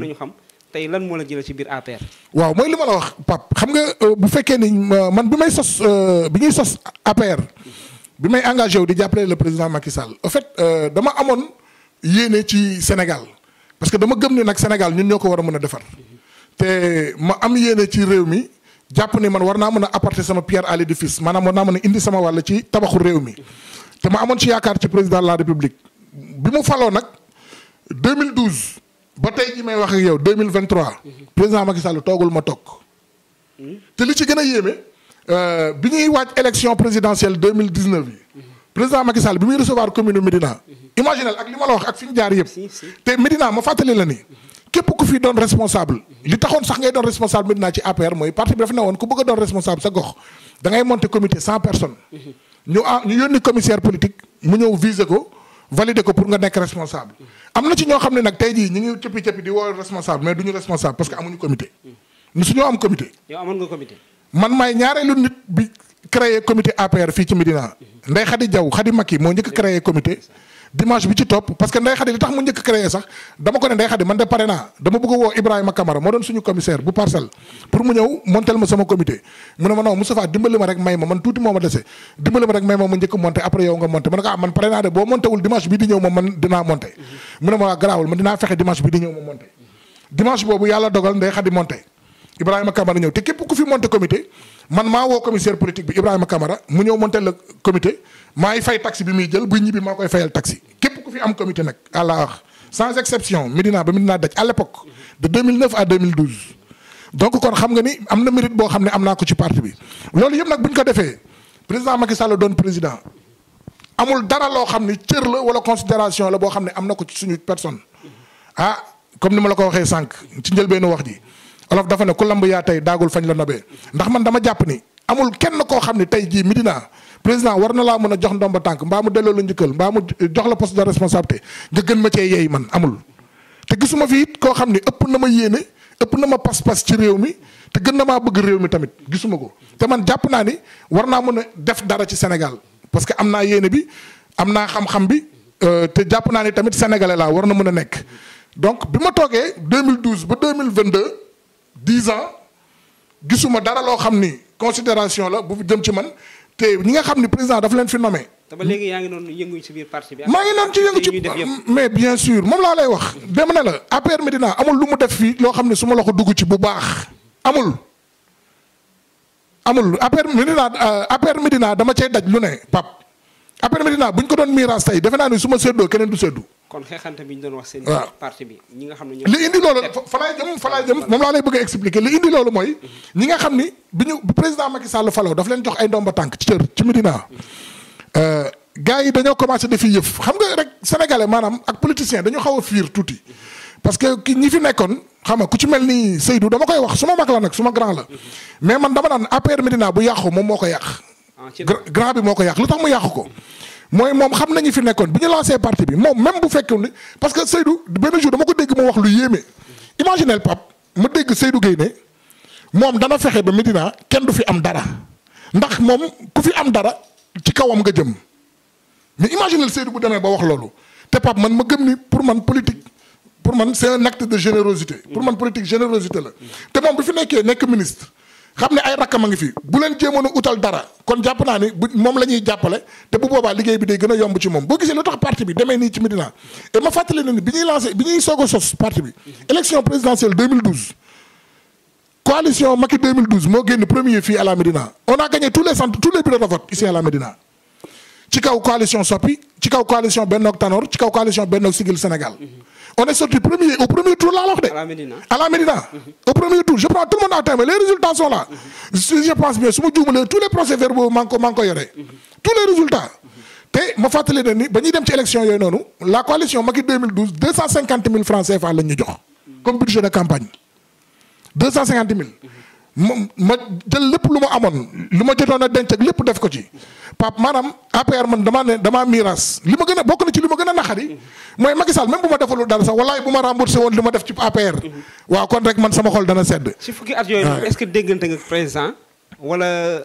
nañu xam tey lan moo la jëlee ci biir APR. waaw mooy li ma wax Pape xam nga euh, bu fekkee ni euh, man bi may sos euh, bi ñuy sos appaire bi may engagé wu di jàppale le président Macky Sall en fait dama amoon yéene ci Sénégal parce que dama gëm ni nag Sénégal ñun ñoo ko war a mën a defar te ma am yéene ci réew mi jàpp ne man war naa mën a apporter sama pierre à l'édifice maanaam war naa mën a indi sama wàll ci tabaxu réew mi te ma amoon ci yaakaar ci président la République bi mu faloo nag ba tey ji may wax ak yow 2023. président Macky Sall toogul ma toog. te li ci gën a yéeme euh, bi ñuy waaj élection présidentielle 2019 yi. président Macky Sall bi muy recevoir commune Médina. imaginal ak li ma la wax ak fi ñu jaar te Médina ma fàttali la ni. képp ku fi doon responsable. li taxoon sax ngay doon responsable Médina ci APR mooy parti bi dafa ne woon ku bëgg a doon responsable sa gox da ngay monter comité cent personnes. Mm-hmm. ñu ah ñu yónni commissaire valider ko pour nga nekk responsable am na ci ñoo xam ne nag tey jii ñu ngi cëppi cëppi di woo responsable mais du ñu responsable parce que amuñu comité ñu suñoo am comité. man maay ñaareelu nit bi créé comité APR fii ci Médina. Ndeye Khady Diaw Khady Macky moo njëkk créé comité. dimanche bi ci topp parce que Ndeye Khady li tax mu njëkk créé sax dama ko ne Ndeye Khady man de pare naa dama bëgg a woo Ibrahima Camara moo doon suñu commissaire bu parcelle pour mu ñëw montel ma sama comité mu ne ma non Moustapha dimbali ma rek may ma man tuuti moo ma dese dimbali ma rek may ma ma njëkk monté après yow nga monté ma ne ko ah man pare naa de boo monté dimanche bi di ñëw ma man dinaa monté mu ne ma waa garaawul man dinaa fexe Ibrahima Camara ñëw te képp ku fi monté comité man maa woo commissaire politique bi Ibrahima Camara mu ñëw monté la comité maay fay taxi bi muy jël buy ñibbi maa koy fayal taxi képp ku fi am comité nag à la wax sans exception Medina ba Medina daj à l'époque de 2009 à donc kon xam nga ni am na mérite boo xam ne am naa ko ci parti bi loolu yëpp nag bu ñu ko defee président Macky Sall doon président amul dara loo xam ne cër la wala considération la boo xam ne am na ko ci suñu personne ah comme ni ma la ko waxee sànq ci njëlbeenu wax ji. olof dafa ne ku lamb yaa tey daagul fañ la nobee ndax man dama jàpp ni amul kenn koo xam ne tey jii mi Médina président war na laa mën a jox ndomba tànk mbaa mu delloo la njëkkal mbaa mu jox la poste de responsabilité nga gën ma cee yeey man amul. te gisuma fii koo xam ne ëpp na ma yéene ëpp na ma pas-pas ci réew mi te gën na maa bëgg réew mi tamit gisuma ko te man jàpp naa ni war naa mën a def dara ci Sénégal parce que am naa yéene bi am naa xam-xam bi euh, te jàpp naa ni tamit sénégalais laa war na mën a nekk donc bi ma toogee 2012 ba 2022. dix ans gisuma dara loo xam ni consideration la bu jëm ci man te ñi nga xam ni président daf leen fi nommé. te léegi yaa ngi doon yëngu ci biir parti bi. maa ngi doon ci yëngu ci mais bien sûr moom laa lay wax. dem na la APR Médina amul lu mu def fii loo xam ne su ma la ko dugg ci bu baax amul. amul APR Médina euh, APR Médina dama cay daj lu ne pap APR Médina bu ñu ko doon miiras tey defe naa ni su ma séddoo keneen du seddu kon xeexante bi ñu doon li indi loolu a expliquer li indi loolu mooy. Mhm. ñi nga xam ni bi ñu président Macky Sall faloo daf leen jox ay ndomba tànk ci cër ci Medina. Mhm. Euh, gars yi dañoo commencé defi yëf xam nga rek sénégalais maanaam ak politicien dañu xaw a fiir tuuti. Mhm. parce que ki ñi fi nekkoon xam nga ku ci mel ni Seydou dama koy wax su ma mag la nag su ma grand la mais man dama naan APR Medina bu yàqu moom moo ko yàq. Ah, grand bi moo ko yàq lu tax mu yàq ko mooy moom xam nañu fi nekkoon bi ñu lancé parti bi moom même bu fekkee ne parce que Seydou benn jour dama ko dégg mu wax lu yéeme. imaginez Pape ma dégg Seydou Gueye moom dana fexe ba Medina kenn du fi am dara ndax moom ku fi am dara ci kawam nga jëm mais imaginez Seydou bu demee ba wax loolu te Pape man ma gëm ni pour man politique. pour man c'est un de générosité. pour man politique générosité la. te moom bu fi nekkee nekk ministre. xam ne ay rakkam a ngi fi bu leen jéemoon a utal dara kon jàpp naa ni bu moom la ñuy jàppale te bu boobaa liggéey bi day gën a yomb ci moom boo gisee lu tax parti bi demee nii ci Médina et ma fàttali leen ni bi ñuy lancé bi ñuy soog a sos parti bi élection présidentielle coalition Macky moo génn premier fii à Médina on a gagné tous les centres tous les bureaux de vote ici Médina ci kaw coalition Sopi ci kaw coalition Benno Tanor ci kaw coalition Benno à la Médina à la Médina au premier tour je prends tout le monde à témoin les résultats sont là je pense bien su ma juumalee tous les procès verbaux maa ngi yore tous les résultats te ma fàttali ne ni ba ñuy dem ci élection yooyu noonu la coalition Macky 2012 250 000 francs CFA lañ ñu jox comme budget de campagne 250 000 ma ma jël lépp lu ma amoon lu ma jotoon a denc ak lépp def ko ci Pape maanaam APR man damaa ne damaa miiras li ma gën a bokk na ci li ma gën a naxari mooy Macky Sall même bu ma defalul dara sax walaay bu ma remboursé woon li ma def ci APR. Mhm. waaw kon rek man sama xol dana sedd. ci fukki at yooyu est-ce que déggante nga président wala.